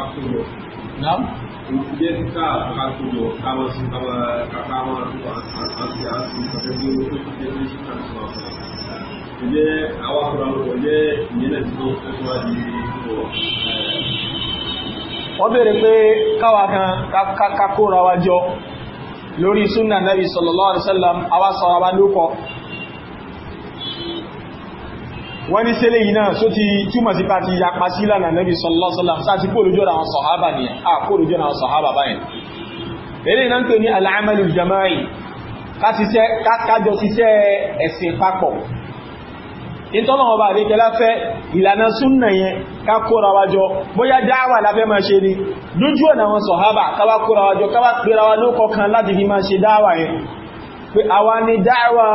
barakatuh Naam ìdílé ká àkójọ káwọn sí káwọn káwọn àti àti ìpàdé ní oṣù tó ní ṣíkà ní sọ
ọ̀sán ìdílé àwọn akọ̀rọ̀ àwọn ìdílé ìyẹn náà ti tó tó tó wá di ìwọ̀. wọ́n béèrè pé káwa kan kakóra wa jọ lórí sunna nabi sallallahu alaihi wasallam àwa sọ̀rọ̀ wa lókọ̀ wọ́n ní ṣẹlẹ̀ yìí náà só ti túmọ̀ sí pàtí yapa sí lánàá Nábì sallallahu alaihi wasallam sáti kó lójú àwọn ni a kó lójú àwọn sọ̀hábà báyìí eré náà ń pè ní al-amalu al-jama'i kájọ ṣiṣẹ́ ẹ̀sìn papọ̀ ìtọ́lọ̀wọ̀n bá àríkẹ láfẹ́ ìlànà súnnà yẹn ká kóra wájọ bóyá dáwà láfẹ́ máa ṣe ní dójú ọ̀nà wọn sọ̀hábà káwà kóra wájọ káwà pèrà wá ló kọkàn ni dáwà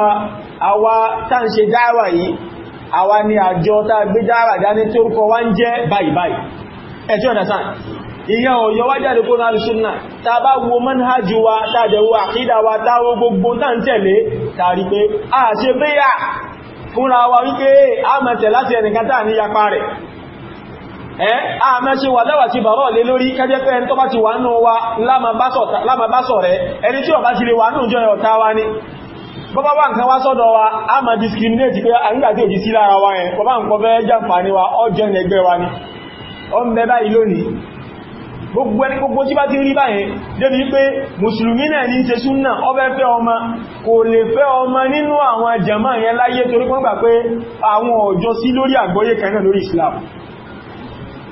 àwa tá ń ṣe àwa ni àjọ tá gbé dára dání tí orúkọ wa ń jẹ́ báyìí báyìí ẹ understand ìyẹn ò yọ wá jáde kó náà sunna tá bá wo manhajú wa tàdẹ̀wò àkídà wa táwọn gbogbo tá ń tẹ̀lé tàrí pé a ṣe bẹ́yà fúnra wa wípé a mẹ́tẹ̀ ẹ́ a wà láwà ti bàrọ̀ lé lórí kẹjẹ́ ẹni tó bá ti wà nù wa lámàbásọ̀ rẹ̀ ẹni tí ó bá ti lè wà nù jọ ọ̀tá wa ni bọ́bá wà nǹkan wá sọ́dọ̀ wa a máa discriminate pé àrígbàtí òjì sí lára wa yẹn bọ́bá nǹkan fẹ́ jàǹfààní wa ọjọ́ ẹgbẹ́ wa ni ọ ń bẹ báyìí lónìí gbogbo ẹni gbogbo tí bá ti rí báyẹn débi pé mùsùlùmí náà ní ṣe súnnà ọbẹ̀ fẹ́ ọmọ kò lè fẹ́ ọmọ nínú àwọn jàmá yẹn láyé torí pọ́n gbà pé àwọn ọjọ́ sí lórí àgbọ́yé kan náà lórí Islam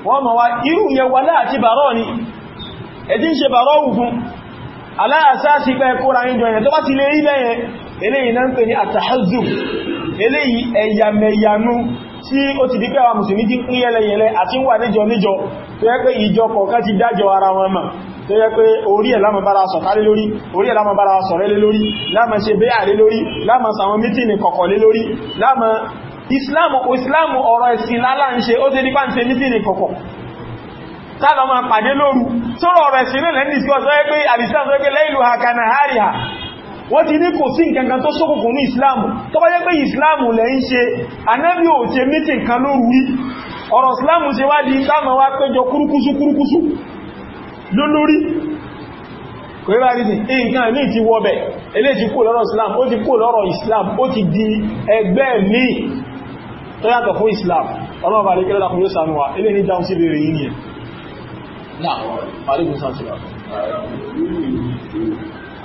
wọ́n mọ̀ wá irú yẹn wà láti bàárọ̀ ni ẹ̀dí ń ṣe bàárọ̀ wù fún aláàsáàsì pẹ́ kóra ìjọ yẹn tó bá ti lè rí bẹ́yẹn eléyìí náà ń pè ní àtàhàzù eléyìí ẹ̀yàmẹ̀yànú tí ó ti dípẹ́ àwọn mùsùlùmí ti pín yẹlẹyẹlẹ àti ń wà níjọ níjọ tó yẹ pé ìjọ kọ̀ọ̀kan ti dájọ ara wọn mọ̀ tó yẹ pé orí ẹ̀ lámọ̀ bára sọ̀ká lé lórí orí ẹ̀ lámọ̀ bára sọ̀rẹ́ lé lórí lámọ̀ ṣe bẹ́yà lé lórí lámọ̀ sàwọn mítìnì kọ̀kọ̀ lé lórí lámọ̀ ìsìláàmù ìsìláàmù ọ̀rọ̀ ẹ̀sìn lálá ń ṣe ó ti nípa ń ṣe mítìnì kọ̀kọ̀ tálọ pàdé lóru sọ̀rọ̀ ọ̀rọ̀ ẹ̀sìn náà lẹ́ndì sí ọ̀sọ́ ẹgbẹ́ àbìsí ọ̀sọ́ ẹgbẹ́ lẹ́ìlú ha ha wọ́n ti ní kò sí nǹkankan tó ṣókùnkùn ní ìsìláàmù tó bá jẹ́ pé ìsìláàmù lẹ̀ ń ṣe anábì ò ṣe mítì nǹkan lóru rí ọ̀rọ̀ ìsìláàmù ṣe wá di táàmà wá péjọ kúrúkúsú kúrúkúsú lólórí kò yíba islam ó ti islam ó di ẹgbẹ́ mi tó yàtọ̀ islam ọlọ́ọ̀bà lè kẹ́lẹ́dà fún yóò sàmúwà elé ní dáun sí bèèrè
yìí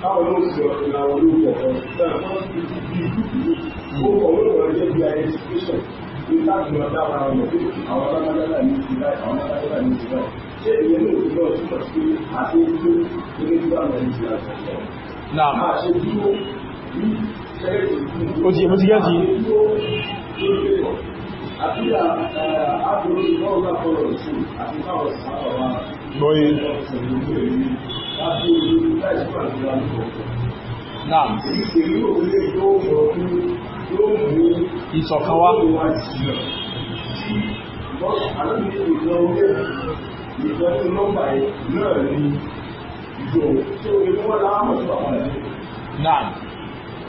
káwọn yóò ṣe ọ̀sẹ̀ àwọn olóògbé ọ̀sán náà wọ́n ti di ìdúkúrú ó kọ̀ wọ́n lọ́wọ́ jẹ́ bí identification ní láti lọ dá ara wọn pé àwọn alágbádá ní ti láì àwọn alágbádá ní ti láì ṣé ìyẹn ló ti lọ́ọ̀ túmọ̀ sí àti ojú ilé tí wà lọ́ọ̀ ti láti sọ. Náà ṣe dúró ní ṣẹ́yìn ó ti ó ti yẹ́ ti. Àbí àbúrò ìfọwọ́sàkọ̀rọ̀ sí àti fáwọn sábà wa. Bọ́yé láti ojú láìsí pàdé lánàá. Náà. Èyí ṣe yóò lè tó sọ pé yóò mú ìṣọ̀kan wá. Bọ́sù àlọ́bí ìjọ orí ẹ̀ ìjọ tí nọ́mbà yìí
náà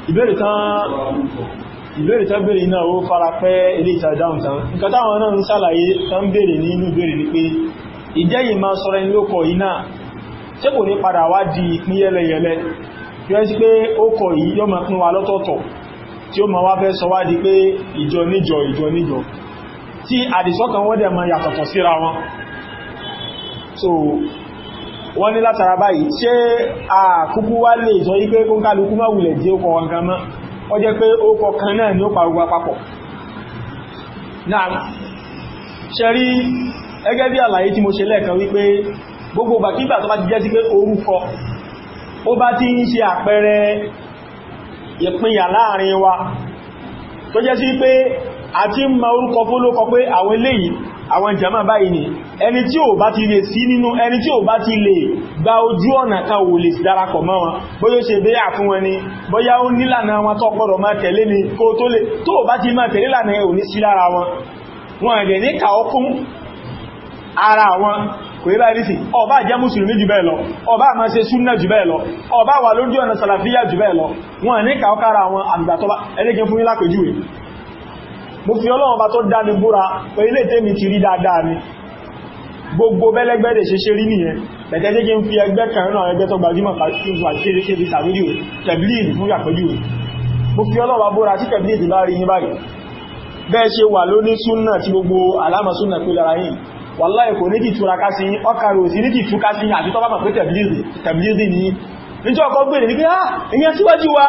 Ìbéèrè tán ìbéèrè tán béèrè náà ó fara pẹ́ ilé ìta dáhùn tán. Nǹkan táwọn náà ń ṣàlàyé tán béèrè nínú béèrè ni pé ìjẹ́yìn máa sọ̀rọ̀ ẹni ló kọ̀ ṣé kò ní padà wá di ìpín yẹ́lẹyẹ̀lẹ yóò sí pé ó kọ yìí yọ́ máa pín wa lọ́tọ̀ọ̀tọ̀ tí ó máa wá fẹ́ sọ wá di pé ìjọ níjọ ìjọ níjọ tí àdìsọ́kàn wọ́n dẹ̀ máa yàtọ̀tọ̀ síra wọn so wọ́n ní látara báyìí ṣé àkúkú wá lè sọ yí pé kóńkálukú má wulẹ̀ jẹ́ ọkọ̀ wọn kan mọ́ ó jẹ́ pé ó kọ kan náà ni ó parúgbà papọ̀ náà ṣe rí gẹ́gẹ́ bí àlàyé tí mo ṣe lẹ́ẹ̀kan wípé gbogbo gbàkígbà tó bá ti jẹ́ sí pé orúkọ ó bá ti ń ṣe àpẹẹrẹ ìpínyà láàrin wa tó jẹ́ sí pé a ti ń ma orúkọ fún lókọ pé àwọn eléyìí àwọn jama báyìí ni ẹni tí ò bá ti lè sí nínú ẹni tí ò bá ti lè gba ojú ọ̀nà kan ò lè darapọ̀ mọ́ wọn bóyá ṣe bẹ́yà fún wọn ni bóyá ó nílànà wọn tó gbọ́dọ̀ máa tẹ̀lé ni kó tó lè tó bá ti máa tẹ̀lé lànà ẹ̀ ò ní sí lára wọn wọn ẹ̀dẹ̀ ní kàókún ara wọn kò yíba ìrísì ọba jẹ́ mùsùlùmí jù bẹ́ẹ̀ lọ ọba ma ṣe súnnà jù bẹ́ẹ̀ lọ ọba wà lójú ọ̀nà sàlàfíyà jù bẹ́ẹ̀ lọ wọn ní kàókára àwọn àgbàtọ́bá ẹlẹ́gẹ́ fún ilápẹ̀júwe mo fi ọlọ́run bá tó dáni búra pé ilé tèmi ti rí dáadáa ni gbogbo bẹ́lẹ́gbẹ́ lè ṣe ṣe rí nìyẹn bẹ̀tẹ́ jẹ́ ń fi ẹgbẹ́ kan náà ẹgbẹ́ tó gbajúmọ̀ pàṣẹ ṣe fi sàmílì rẹ̀ tẹ̀bílì fún àpẹjúwe mo fi ọlọ́run bá búra sí tẹ̀bílì ti bá rí yín báyìí bẹ́ẹ̀ ṣe wà lóní súnnà tí gbogbo alámà súnnà pé lára yìí wàláhì kò ní ti túra ká sí ọkàrò sí ní ti túká sí àti tọ́bá mọ̀ pé tẹ̀bílìdì ní níjọ́ ọkọ̀ gbèrè ní pé á ah, ìyẹn síwájú wa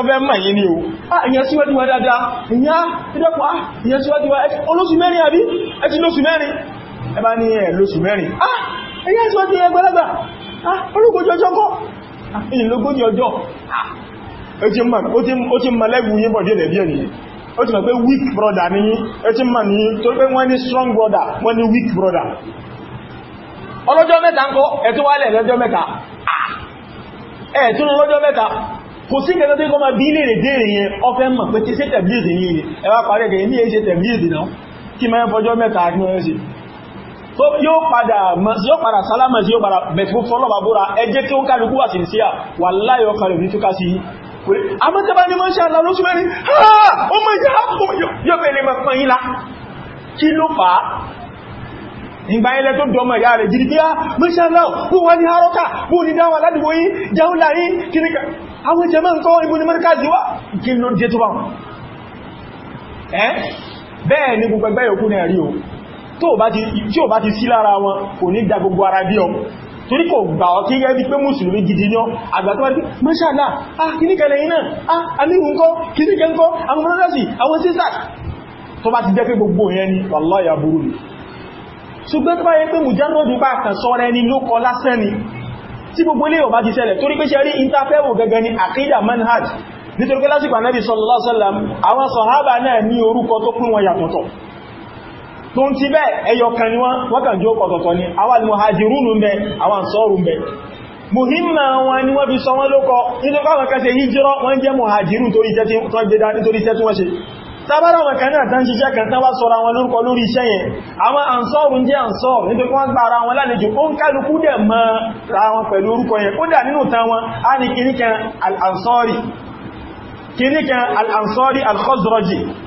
ọbẹ̀ mọ̀ yìí ni o á ah, ìyẹn síwájú wa dáadáa ah, ìyẹn síwájú wa olóṣù mẹ́rin àbí ẹti lóṣù mẹ́rin ẹ bá ní ẹ̀ lóṣù mẹ́rin á ìyẹn síwájú ẹgbẹ̀lẹ́gbà á ológójì ọjọ́ kọ́ ìlógójì ọjọ́ ó ti mọ̀ lẹ́gbù yín bọ̀ díẹ̀ díẹ̀ nìyẹn ó ti mọ̀ pé weak brother ní ó ti mọ̀ ní tó pé wọ́n ní strong brother wọ́n ni weak brother ọlọ́jọ́ mẹ́ta ń kọ́ ẹ̀tún wálẹ̀ lọ́jọ́ mẹ́ta ah! ẹ̀tún lọ́jọ́ mẹ́ta kò sí kẹta tó kọ́ ma bí lè dèrè yẹn ọfẹ́ mọ̀ pé ti ṣe tẹ̀blíìdì yìí ni ẹwà parí ẹ̀kẹ́ ní èṣe tẹ̀blíìdì náà kí mẹ́ fọjọ́ mẹ́ta ní wọ́n ṣe tó yóò padà yóò padà sálámà sí yóò padà bẹ̀tí fún fọ́lọ́bàbúra ẹjẹ́ tí ó kálukú wà sí sí wà láyọ̀ kálukú túká sí àmọ́ tẹ́bá ní máa ń ṣàlá lóṣù mẹ́rin ọmọ ìyá yóò fẹ́ lè máa pọ̀ yín la kí ló fà á ìgbà ilẹ̀ tó dọmọ ìyá rẹ̀ jìdí bíá mọ́ṣálá bó wà ní harọ́ta bó ní dáwà ládùgbò yí jáúlà yí kìníkà àwọn jẹmọ́ nǹkan ibú ni mọ́ríkàzí wá kí ló dé tó bá ẹ́ bẹ́ẹ̀ ni gbogbo ẹgbẹ́ yòókù náà rí o tí ò bá ti sí lára wọn kò torí kò gbà ọ kí yẹ́ di pé mùsùlùmí gidi yán àgbàtọ́wà pé mọ́ṣàlá ah kìníkẹ̀lẹ̀ iná ah amíhùn kọ́ kìníkẹ̀ ń kọ́ àwọn brọ́dọ̀sì àwọn sisters tó bá ti jẹ́ pé gbogbo yẹn ni wallahi burú ni ṣùgbọ́n tó bá yẹ pé mùjánọ́dù bá kàn sọ́rọ̀ ẹni interfero gẹ́gẹ́ ni àkídà manhaj nítorí pé lásìkò ànábì sallallahu alaihi wasallam àwọn sàhábà náà ní orúkọ tó tó ń ti bẹ́ẹ̀ ẹyọ kan ni wọ́n wọ́n kàn jó ọ̀tọ̀ọ̀tọ̀ ni àwọn almuhajirun ń bẹ àwọn ansọ́rù ń bẹ muhimma wọn ni wọ́n fi sọ wọ́n lókọ nítorí káwọn kan ṣe hijira wọ́n jẹ́ muhajirun torí iṣẹ́ tí wọ́n gbé dá nítorí iṣẹ́ tí wọ́n ṣe tábára wọn kan náà tán ṣiṣẹ́ kan tán wá sọ́ra wọn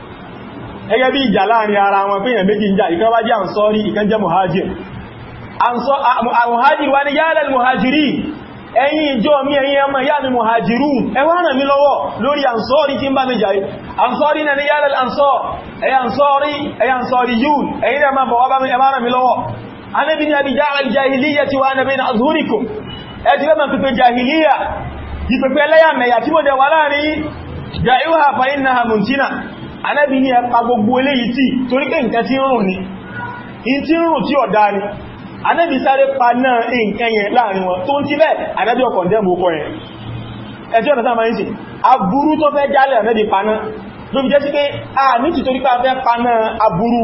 gẹ́gẹ́ bí ìjà láàrin ara wọn pé èèyàn méjì ń jà ìkan wá jẹ́ àǹsọ́rí ìkan jẹ́ muhajir muhajir wá ní yálẹ̀ muhajiri ẹ̀yin ìjọ mi ẹ̀yin ẹmọ ìyá mi muhajirun ẹ wá ràn mí lọ́wọ́ lórí àǹsọ́rí tí ń bá mi jà àǹsọ́rí na ní yálẹ̀ àǹsọ́ ẹ̀yàǹsọ́rí ẹ̀yàǹsọ́rí yún ẹ̀yin ẹmọ bọ̀ wá ràn mí lọ́wọ́ anábi ni abi dára jahiliya ti wá nàbí na azúríkùn ẹ muntina anábi ní ẹpa gbogbo eléyìí tí torí pé nǹkan tí ń rùn ní in tí ń rùn tí ọ̀dá ni anábi sáré pa náà nǹkan yẹn láàrin wọn tó ń ti bẹ́ẹ̀ anábi ọkọ̀ dẹ́mù kọ yẹn ẹjọ́ ọ̀dá sáàmà ìsìn aburú tó fẹ́ jálẹ̀ anábi paná ló fi jẹ́ sí pé a ní ti torí pé a fẹ́ paná aburú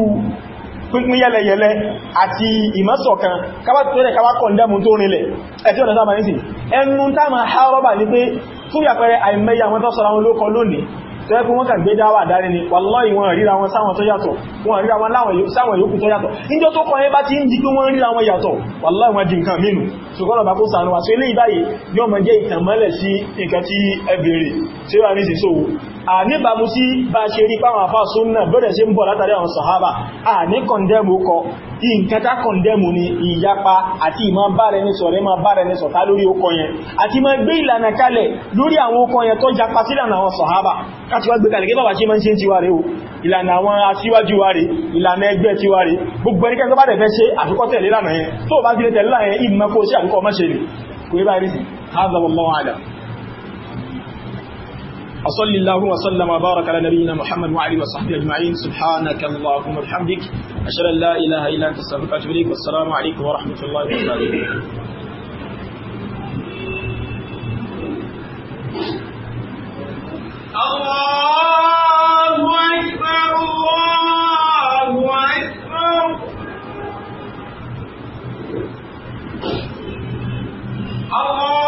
pínpín yẹlẹyẹlẹ àti tẹ́kù wọ́n kàn gbé dáwà dání ni wàláhì wọn ríra wọn sáwọn tó yàtọ̀ wọn ríra wọn sáwọn yòókù tó yàtọ̀ níjọ́ tó kọ̀ẹ́ bá ti ń di pé wọ́n ríra wọn yàtọ̀ wàláhì wọn di nǹkan mínú ṣùgbọ́n ọ̀bá kó sànú wa so eléyìí báyìí yóò mọ jẹ́ ìtànmọ́lẹ̀ sí nǹkan tí ẹ bèèrè tí ó wà ní ìsìsòwò àníbàmú sí bá ṣe rí pàwọn àfá súnnà bẹ́rẹ̀ sí ń bọ̀ látàrí àwọn sàhábà àní kọndẹ́mù kọ nǹkan tá kọndẹ́mù ni ìyapa àti ìmọ̀ bára ẹni sọ̀rẹ́ máa bára ẹni sọ̀tá lórí okọ yẹn àti máa gbé ìlànà kalẹ̀ lórí àwọn okọ yẹn tó japa sílànà àwọn sàhábà káti wá gbé kalẹ̀ kí bàbá ṣe máa ń ṣe ń tiwa rẹ̀ o ìlànà àwọn أصل الله وسلم وبارك على نبينا محمد وعلى وصحبه أجمعين سبحانك اللهم وبحمدك أشهد أن لا إله إلا أنت أستغفرك وأتوب إليك والسلام عليكم ورحمة الله وبركاته
الله أكبر الله أكبر الله